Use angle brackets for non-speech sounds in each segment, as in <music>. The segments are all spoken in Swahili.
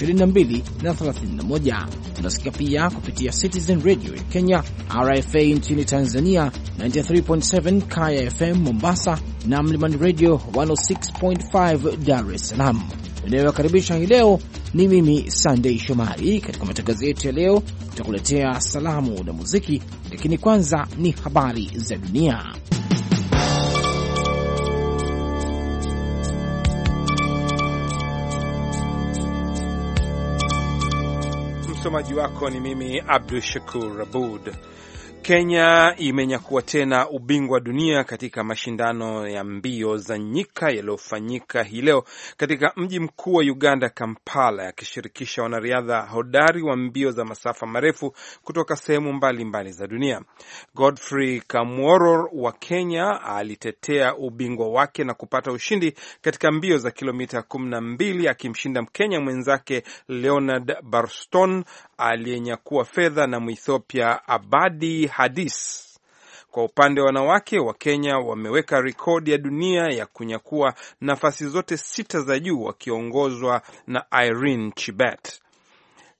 2231. Tunasikia pia kupitia Citizen Radio ya Kenya, RFA nchini Tanzania 93.7, Kaya FM Mombasa na Mlimani Radio 106.5 Dar es Salaam. Inayowakaribisha hii leo ni mimi Sandei Shomari. Katika matangazo yetu ya leo, tutakuletea salamu na muziki, lakini kwanza ni habari za dunia. Msomaji wako ni mimi Abdu Shakur Abud. Kenya imenyakua tena ubingwa wa dunia katika mashindano ya mbio za nyika yaliyofanyika hii leo katika mji mkuu wa Uganda, Kampala, yakishirikisha wanariadha hodari wa mbio za masafa marefu kutoka sehemu mbalimbali za dunia. Godfrey Kamworor wa Kenya alitetea ubingwa wake na kupata ushindi katika mbio za kilomita kumi na mbili akimshinda Mkenya mwenzake Leonard Barston aliyenyakua fedha na Mwethiopia Abadi Hadis. Kwa upande wa wanawake Wakenya wameweka rekodi ya dunia ya kunyakua nafasi zote sita za juu wakiongozwa na Irene Chibet.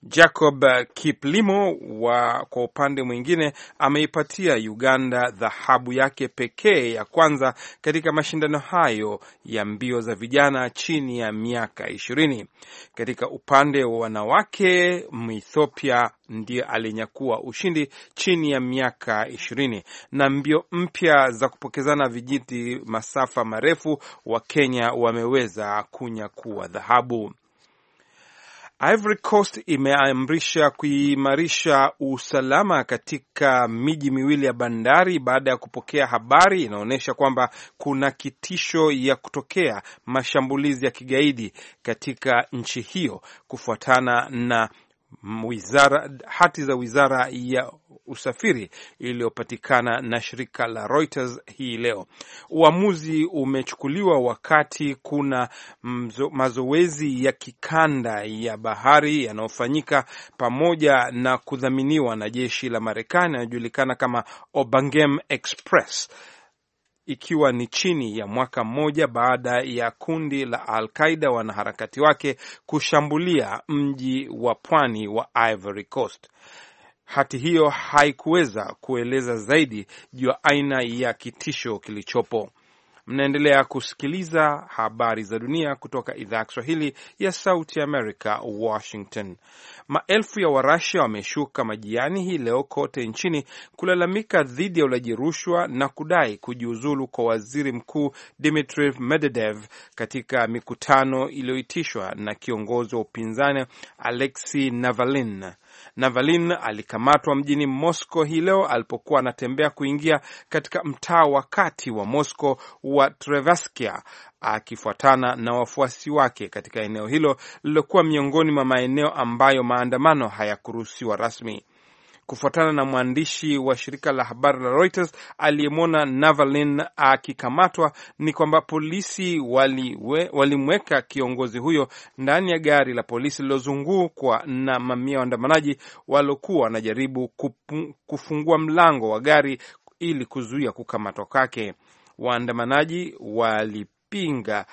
Jacob Kiplimo wa kwa upande mwingine ameipatia Uganda dhahabu yake pekee ya kwanza katika mashindano hayo ya mbio za vijana chini ya miaka ishirini. Katika upande wa wanawake, Mwethiopia ndiye alinyakua ushindi chini ya miaka ishirini, na mbio mpya za kupokezana vijiti masafa marefu, Wakenya wameweza kunyakua dhahabu. Ivory Coast imeamrisha kuimarisha usalama katika miji miwili ya bandari baada ya kupokea habari inaonyesha kwamba kuna kitisho ya kutokea mashambulizi ya kigaidi katika nchi hiyo kufuatana na wizara, hati za wizara ya usafiri iliyopatikana na shirika la Reuters hii leo. Uamuzi umechukuliwa wakati kuna mzo, mazoezi ya kikanda ya bahari yanayofanyika pamoja na kudhaminiwa na jeshi la Marekani yanayojulikana kama Obangem Express ikiwa ni chini ya mwaka mmoja baada ya kundi la Al-Qaida wanaharakati wake kushambulia mji wa pwani wa Ivory Coast. Hati hiyo haikuweza kueleza zaidi juu ya aina ya kitisho kilichopo. Mnaendelea kusikiliza habari za dunia kutoka idhaa ya Kiswahili ya Sauti America, Washington. Maelfu ya Warusia wameshuka majiani hii leo kote nchini kulalamika dhidi ya ulaji rushwa na kudai kujiuzulu kwa waziri mkuu Dmitri Medvedev katika mikutano iliyoitishwa na kiongozi wa upinzani Alexei Navalny. Navalny alikamatwa mjini Moscow hii leo alipokuwa anatembea kuingia katika mtaa wa kati wa Moscow wa Trevaskia akifuatana na wafuasi wake katika eneo hilo lililokuwa miongoni mwa maeneo ambayo maandamano hayakuruhusiwa rasmi kufuatana na mwandishi wa shirika la habari la Reuters aliyemwona Navalin akikamatwa ni kwamba polisi walimweka wali kiongozi huyo ndani ya gari la polisi lilozungukwa na mamia waandamanaji waliokuwa wanajaribu kufungua mlango wa gari ili kuzuia kukamatwa kwake. Waandamanaji walipinga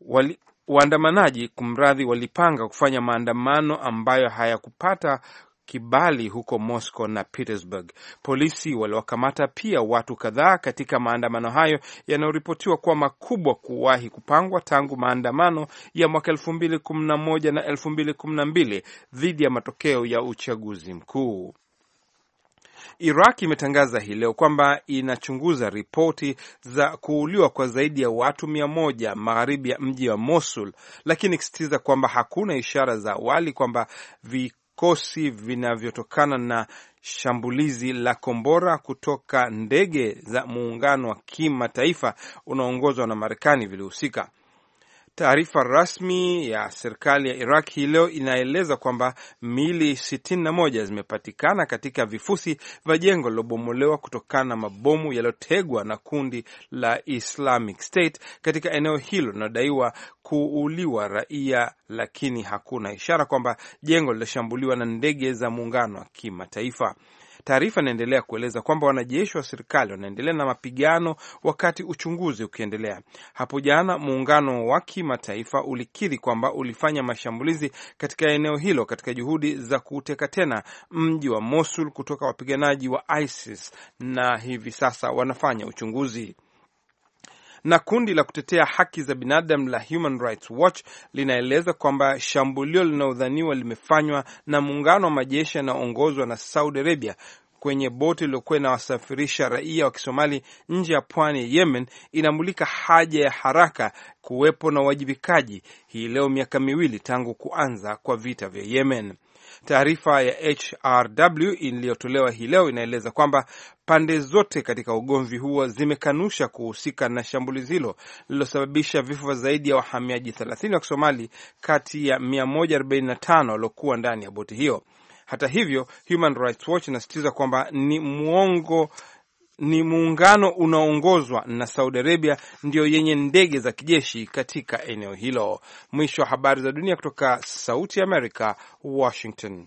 wali, waandamanaji kumradhi, walipanga kufanya maandamano ambayo hayakupata kibali huko Moscow na Petersburg. Polisi waliwakamata pia watu kadhaa katika maandamano hayo yanayoripotiwa kuwa makubwa kuwahi kupangwa tangu maandamano ya mwaka 2011 na 2012 dhidi ya matokeo ya uchaguzi mkuu. Iraq imetangaza hii leo kwamba inachunguza ripoti za kuuliwa kwa zaidi ya watu mia moja magharibi ya mji wa Mosul, lakini ikisitiza kwamba hakuna ishara za awali kwamba vikosi vinavyotokana na shambulizi la kombora kutoka ndege za muungano wa kimataifa unaoongozwa na Marekani vilihusika. Taarifa rasmi ya serikali ya Iraq hii leo inaeleza kwamba mili 61 zimepatikana katika vifusi vya jengo lilobomolewa kutokana na mabomu yaliyotegwa na kundi la Islamic State katika eneo hilo linalodaiwa kuuliwa raia, lakini hakuna ishara kwamba jengo lililoshambuliwa na ndege za muungano wa kimataifa. Taarifa inaendelea kueleza kwamba wanajeshi wa serikali wanaendelea na mapigano wakati uchunguzi ukiendelea. Hapo jana muungano wa kimataifa ulikiri kwamba ulifanya mashambulizi katika eneo hilo katika juhudi za kuuteka tena mji wa Mosul kutoka wapiganaji wa ISIS na hivi sasa wanafanya uchunguzi na kundi la kutetea haki za binadamu la Human Rights Watch linaeleza kwamba shambulio linalodhaniwa limefanywa na muungano wa majeshi yanayoongozwa na Saudi Arabia kwenye boti iliyokuwa inawasafirisha raia wa Kisomali nje ya pwani ya Yemen inamulika haja ya haraka kuwepo na uwajibikaji hii leo, miaka miwili tangu kuanza kwa vita vya Yemen. Taarifa ya HRW iliyotolewa hii leo inaeleza kwamba pande zote katika ugomvi huo zimekanusha kuhusika na shambulizi hilo lililosababisha vifo zaidi ya wahamiaji 30 wa Kisomali kati ya 145 waliokuwa ndani ya boti hiyo. Hata hivyo, Human Rights Watch inasisitiza kwamba ni mwongo ni muungano unaoongozwa na Saudi Arabia ndiyo yenye ndege za kijeshi katika eneo hilo. Mwisho wa habari za dunia kutoka Sauti ya Amerika, Washington.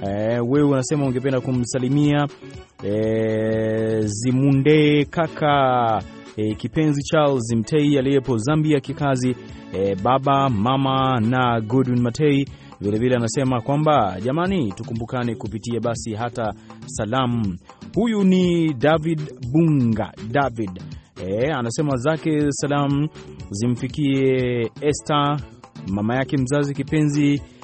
Eh, wewe unasema ungependa kumsalimia eh, Zimunde kaka eh, kipenzi Charles Mtei aliyepo Zambia kikazi eh, baba mama na Godwin Matei vilevile anasema kwamba jamani, tukumbukane kupitia basi hata salamu. Huyu ni David Bunga David eh, anasema zake salamu zimfikie Esther mama yake mzazi kipenzi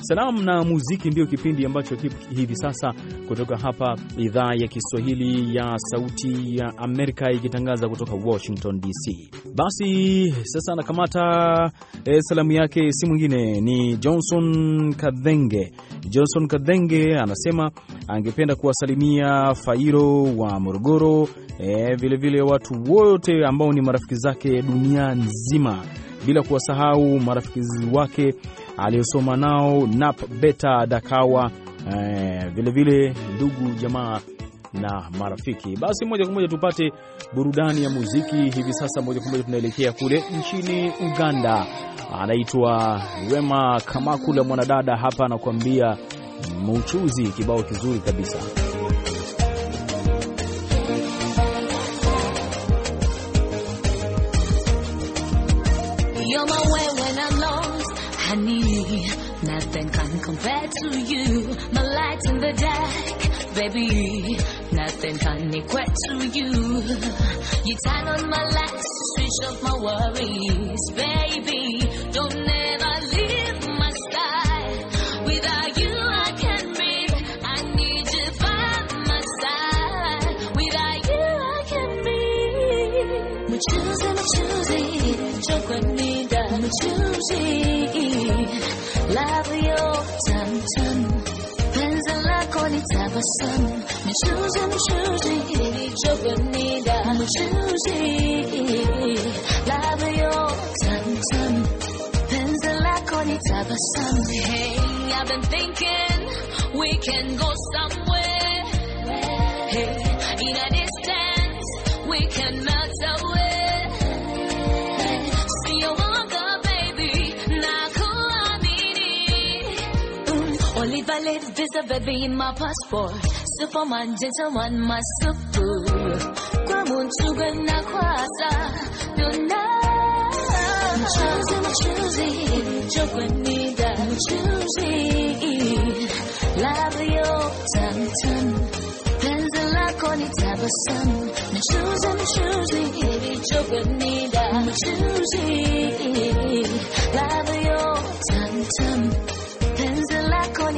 Salamu na muziki ndio kipindi ambacho kipo hivi sasa kutoka hapa idhaa ya Kiswahili ya Sauti ya Amerika ikitangaza kutoka Washington DC. Basi sasa anakamata e, salamu yake si mwingine ni Johnson Kadhenge. Johnson Kadhenge anasema angependa kuwasalimia Fairo wa Morogoro, e, vilevile watu wote ambao ni marafiki zake dunia nzima bila kuwasahau marafiki wake aliyosoma nao Nap Beta Dakawa, vilevile eh, vile ndugu jamaa na marafiki. Basi moja kwa moja tupate burudani ya muziki hivi sasa. Moja kwa moja tunaelekea kule nchini Uganda, anaitwa Wema Kamakula, mwanadada hapa anakuambia mchuzi, kibao kizuri kabisa. nothing can compare to you. My light in the dark, baby, nothing can equate to you. You turn on my lights, switch off my worries, baby. Don't ever leave my side. Without you, I can't breathe. I need you by my side. Without you, I can't breathe. My choosing, my choosing, chocolate me down, my choosing tabasım Penzela koni tabasım Mi chuzi mi chuzi Eri chobanida Mi chuzi Labio tan tan Penzela koni tabasım Hey, I've been thinking We can go somewhere Visa baby in my passport. Superman, gentleman, masupu. Kwa munchuga na kwasa. Dona. I'm choosy, I'm choosy. Jogwanida, I'm choosy. Labio, tantan. Penzi lako ni tabasamu. I'm choosy, I'm choosy. Jogwanida, I'm choosy. Labio, tantan.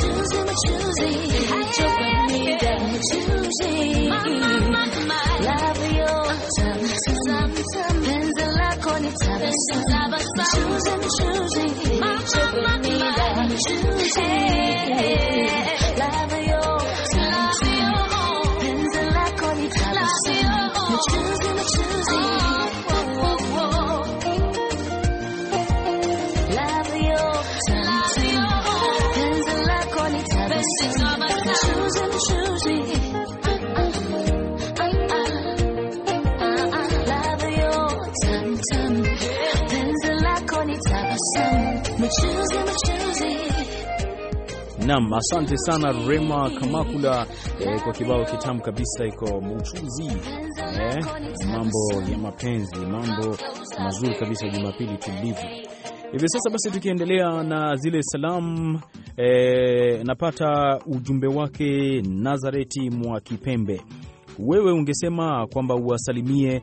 Choosing, my choosing, Joke with that my Love your samsam. Penzi lako ni tabasamu. choosing, my my that my Love your love Penzi lako ni tabasamu. Choosing. Nam, asante sana Rema Kamakula eh, kwa kibao kitamu kabisa iko mchuzi eh, mambo ya mapenzi, mambo mazuri kabisa, Jumapili tulivu hivi sasa. Basi tukiendelea na zile salamu eh, napata ujumbe wake Nazareti mwa Kipembe, wewe ungesema kwamba uwasalimie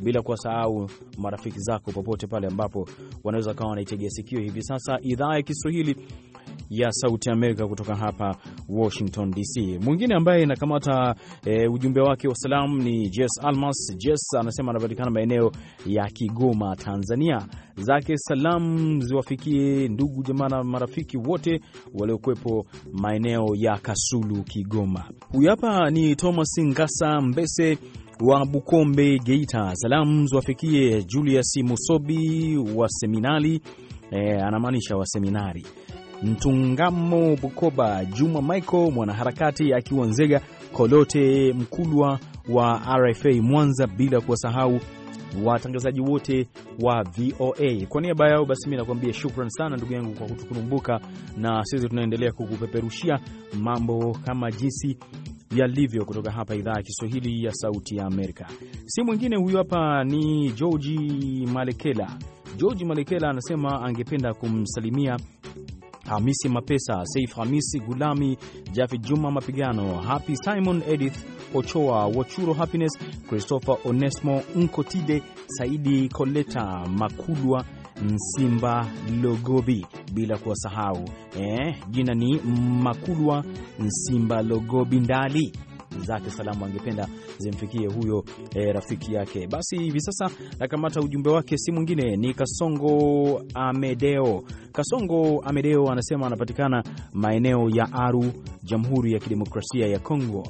bila kuwasahau marafiki zako popote pale ambapo wanaweza kawa wanaitegea sikio hivi sasa idhaa ya Kiswahili ya Sauti Amerika kutoka hapa Washington DC. Mwingine ambaye inakamata e, ujumbe wake wa salam ni Jess Almas. Jess anasema anapatikana maeneo ya Kigoma, Tanzania. Zake salam ziwafikie ndugu jamaa na marafiki wote waliokuwepo maeneo ya Kasulu, Kigoma. Huyu hapa ni Thomas Ngasa Mbese wa Bukombe, Geita. Salamu ziwafikie Julius Musobi wa seminari, e, anamaanisha wa seminari Mtungamo Bukoba, Juma Michael mwanaharakati akiwa Nzega, Kolote Mkulwa wa RFA Mwanza, bila kuwasahau watangazaji wote wa VOA. Kwa niaba yao basi, mi nakuambia shukran sana ndugu yangu kwa kutukumbuka, na sisi tunaendelea kukupeperushia mambo kama jinsi yalivyo kutoka hapa idhaa ya Kiswahili ya Sauti ya Amerika. Si mwingine huyu hapa ni Georgi Malekela. Georgi Malekela anasema angependa kumsalimia Hamisi Mapesa, Saif Hamisi Gulami, jafi Juma Mapigano, Happy Simon, Edith Ochoa Wachuro, Happiness Christopher, Onesmo Nkotide, Saidi Koleta Makulwa Nsimba Logobi, bila kuwasahau eh, jina ni Makulwa Nsimba Logobi Ndali zake salamu angependa zimfikie huyo e, rafiki yake. Basi hivi sasa nakamata ujumbe wake, si mwingine ni Kasongo Amedeo. Kasongo Amedeo anasema anapatikana maeneo ya Aru, Jamhuri ya Kidemokrasia ya Kongo.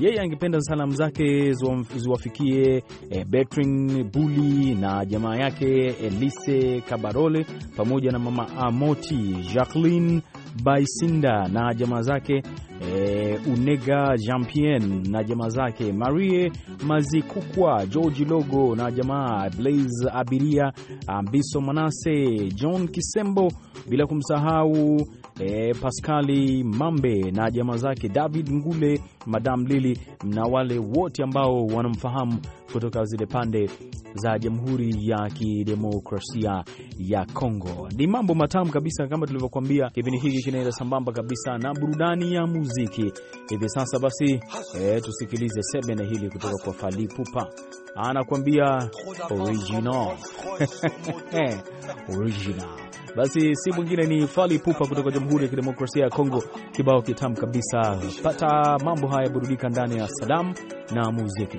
Yeye angependa salamu zake ziwafikie e, eh, Betrin Buli na jamaa yake Elise Kabarole pamoja na mama Amoti Jacqueline Baisinda na jamaa zake e, Unega Jampien na jamaa zake, Marie Mazikukwa, George Logo na jamaa, Blaze Abiria, Ambiso Manase, John Kisembo, bila kumsahau e, Paskali Mambe na jamaa zake David Ngule, Madam Lili na wale wote ambao wanamfahamu kutoka zile pande za Jamhuri ya Kidemokrasia ya Kongo. Ni mambo matamu kabisa, kama tulivyokuambia, kipindi hiki kinaenda sambamba kabisa na burudani ya muziki hivi sasa. Basi e, tusikilize sebene hili kutoka kwa falipupa anakuambia original <laughs> original basi si mwingine ni fali pupa kutoka Jamhuri ya Kidemokrasia ya Kongo, kibao kitamu kabisa. Pata mambo haya, burudika ndani ya Salam na muziki.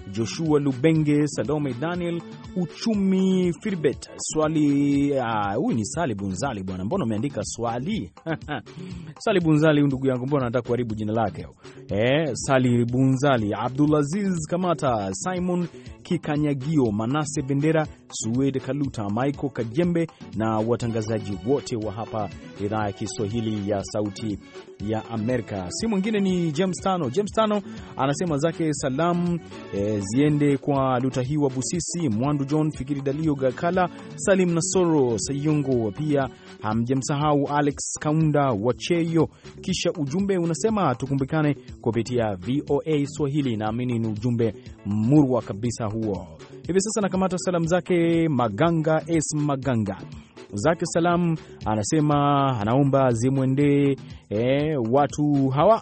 Joshua Lubenge, Salome Daniel Uchumi Firbet Swali. Ah, huyu uh, ni Sali Bunzali bwana, mbona umeandika swali? <laughs> Sali Bunzali ndugu yangu, mbona nataka kuharibu jina lake eh? Sali Bunzali, Abdulaziz Kamata, Simon Kikanyagio, Manase Bendera, Suwed Kaluta, Michael Kajembe na watangazaji wote wa hapa idhaa ya Kiswahili ya Sauti ya Amerika. Si mwingine ni James Tano. James Tano anasema zake salamu eh, ziende kwa Lutahiwa Busisi, Mwandu John, Fikiri Dalio, Gakala Salim Nasoro Sayungo. Pia hamjamsahau Alex Kaunda Wacheyo. Kisha ujumbe unasema tukumbikane kupitia VOA Swahili. Naamini ni ujumbe murwa kabisa huo. Hivi sasa nakamata salamu zake Maganga S Maganga zake salamu anasema anaomba zimwendee eh, watu hawa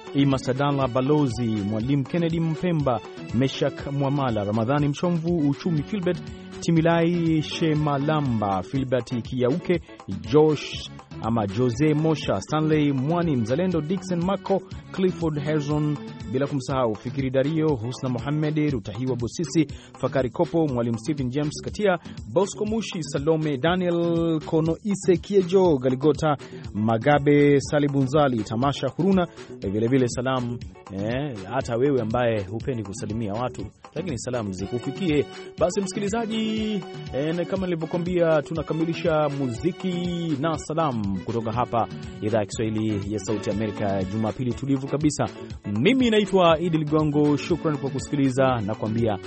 imasadala Balozi Mwalimu Kennedy Mpemba, Meshak Mwamala, Ramadhani Mchomvu, Uchumi Filbert Timilai, Shemalamba Filbert Kiauke, Josh ama Jose Mosha, Stanley Mwani, Mzalendo Dixon Marco, Clifford Herzon, bila kumsahau Fikiri Dario, Husna Mohamed Rutahiwa, Bosisi Fakari Kopo, Mwalimu Stephen James Katia, Bosco Mushi, Salome Daniel Konoise, Kiejo Galigota, Magabe Salibunzali, Tamasha Huruna, vilevile eh, salamu eh, hata eh, wewe ambaye hupendi kusalimia watu lakini salamu zikufikie. Basi msikilizaji, eh, kama nilivyokuambia, tunakamilisha muziki na salamu kutoka hapa idhaa ya Kiswahili ya Sauti ya Amerika, Jumapili tulivu kabisa. Mimi naitwa Idi Ligongo, shukran kwa kusikiliza na kuambia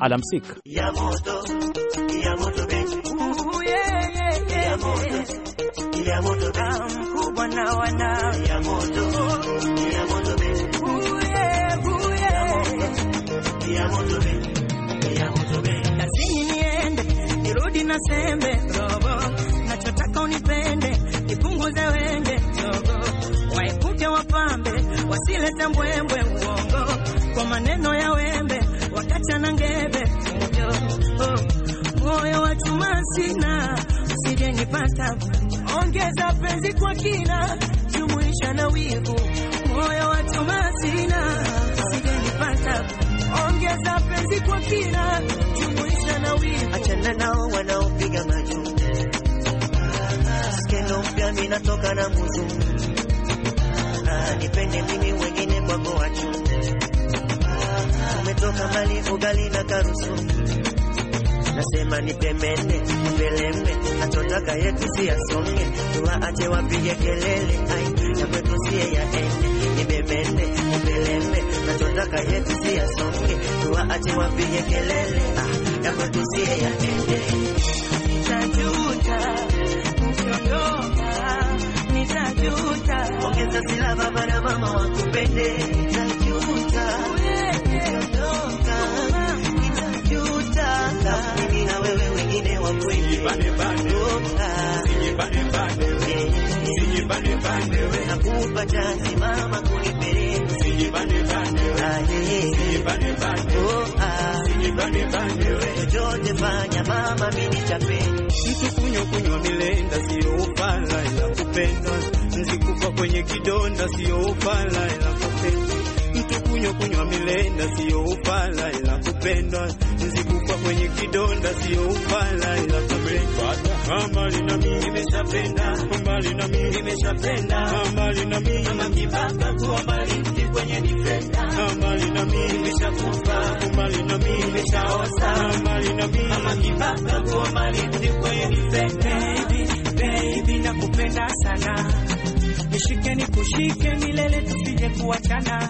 alamsik ya moto, ya moto. kazini niende nirudi na sembe robo, nachotaka unipende nipunguze wende togo, waepuke wapambe wasilete mbwembwe uongo kwa maneno ya wembe wakacha na ngebe fujo moyo oh, wa chuma sina usije nipata ongeza penzi kwa kina jumuisha na wivu moyo wa chuma sina ongeza penzi kwa kina, jumuisha na wimbo, achana nao wanaopiga majumbe. Skendo mpya natoka na muzungu, ah, nipende mimi, wengine kwako wachunge. Umetoka mali ugali na karusu, nasema pemene peleme atotaka yetu si asonge, tuwaache wapige kelele, ai ya kwetu ya yaende mende upelembe nachotaka yetu si yasonge, tuwaache wapige kelele ah, yako tusiye Nitajuta mkiondoka, nitajuta. Ongeza silaba bana mama wakupende. Nitajuta mkiondoka, nitajuta. na wewe wengine wakweli, bane bane Usijibane bane wewe, mama kunipeleka. Usijibane bane wewe, usijibane bane oh kunywa milenda sio upala ila kupenda, nzikufa kwenye kidonda sio upala ila kupenda. Mtu kunywa milenda sio upala ila kupenda, nzikufa kwenye kidonda sio upala ila na mimi nimeshapenda, mimi nimeshapenda, mimi mama kwenye mimi nimeshakufa, mimi nimeshaosa, mimi mama kwenye baby nakupenda sana, nishikeni kushike milele tusije kuachana.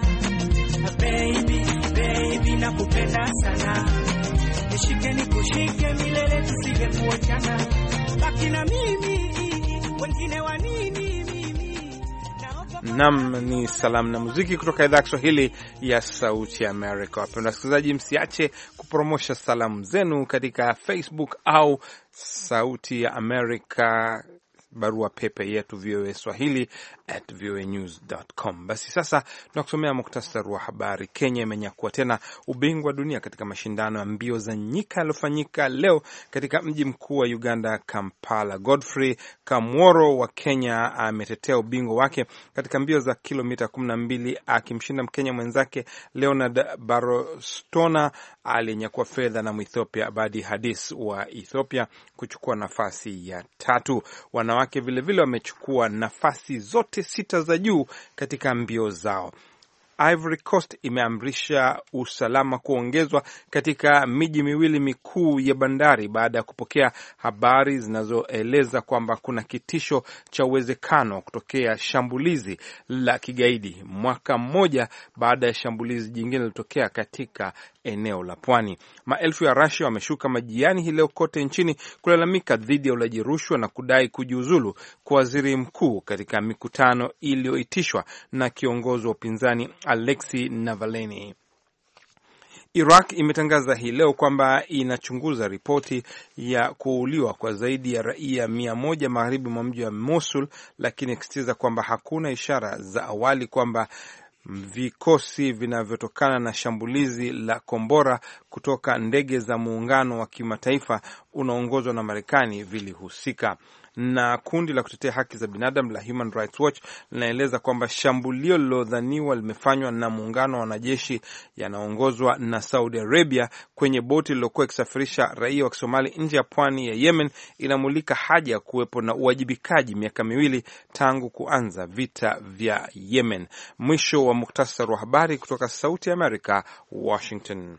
Baby baby nakupenda sana nishike nikushike milele tusije kuachana, baki na mimi, wengine wa nini? Nam ni salamu na muziki kutoka idhaa ya Kiswahili ya Sauti ya Amerika. Wapenda wasikilizaji, msiache kupromosha salamu zenu katika Facebook au Sauti ya Amerika barua pepe yetu VOA Swahili at com. Basi sasa tunakusomea muktasar wa habari. Kenya imenyakua tena ubingwa wa dunia katika mashindano ya mbio za nyika yaliyofanyika leo katika mji mkuu wa Uganda, Kampala. Godfrey Kamworo wa Kenya ametetea ubingwa wake katika mbio za kilomita mbili akimshinda Mkenya mwenzake Leonard Barostona aliyenyakua fedha na Mwethiopia Abadi Hadis wa Ethiopia kuchukua nafasi ya tatu. Wanawake wanawake vilevile wamechukua nafasi zote sita za juu katika mbio zao. Ivory Coast imeamrisha usalama kuongezwa katika miji miwili mikuu ya bandari baada ya kupokea habari zinazoeleza kwamba kuna kitisho cha uwezekano wa kutokea shambulizi la kigaidi, mwaka mmoja baada ya shambulizi jingine lilotokea katika eneo la pwani. Maelfu ya Rasia wameshuka majiani hii leo kote nchini kulalamika dhidi ya ulaji rushwa na kudai kujiuzulu kwa waziri mkuu katika mikutano iliyoitishwa na kiongozi wa upinzani Alexi Navalny. Iraq imetangaza hii leo kwamba inachunguza ripoti ya kuuliwa kwa zaidi ya raia mia moja magharibi mwa mji wa Mosul, lakini ikisitiza kwamba hakuna ishara za awali kwamba vikosi vinavyotokana na shambulizi la kombora kutoka ndege za muungano wa kimataifa unaoongozwa na Marekani vilihusika na kundi la kutetea haki za binadamu la Human Rights Watch linaeleza kwamba shambulio lilodhaniwa limefanywa na muungano wa wanajeshi yanaongozwa na Saudi Arabia kwenye boti lililokuwa ikisafirisha raia wa Kisomali nje ya pwani ya Yemen inamulika haja ya kuwepo na uwajibikaji miaka miwili tangu kuanza vita vya Yemen. Mwisho wa muktasari wa habari kutoka Sauti ya Amerika, Washington.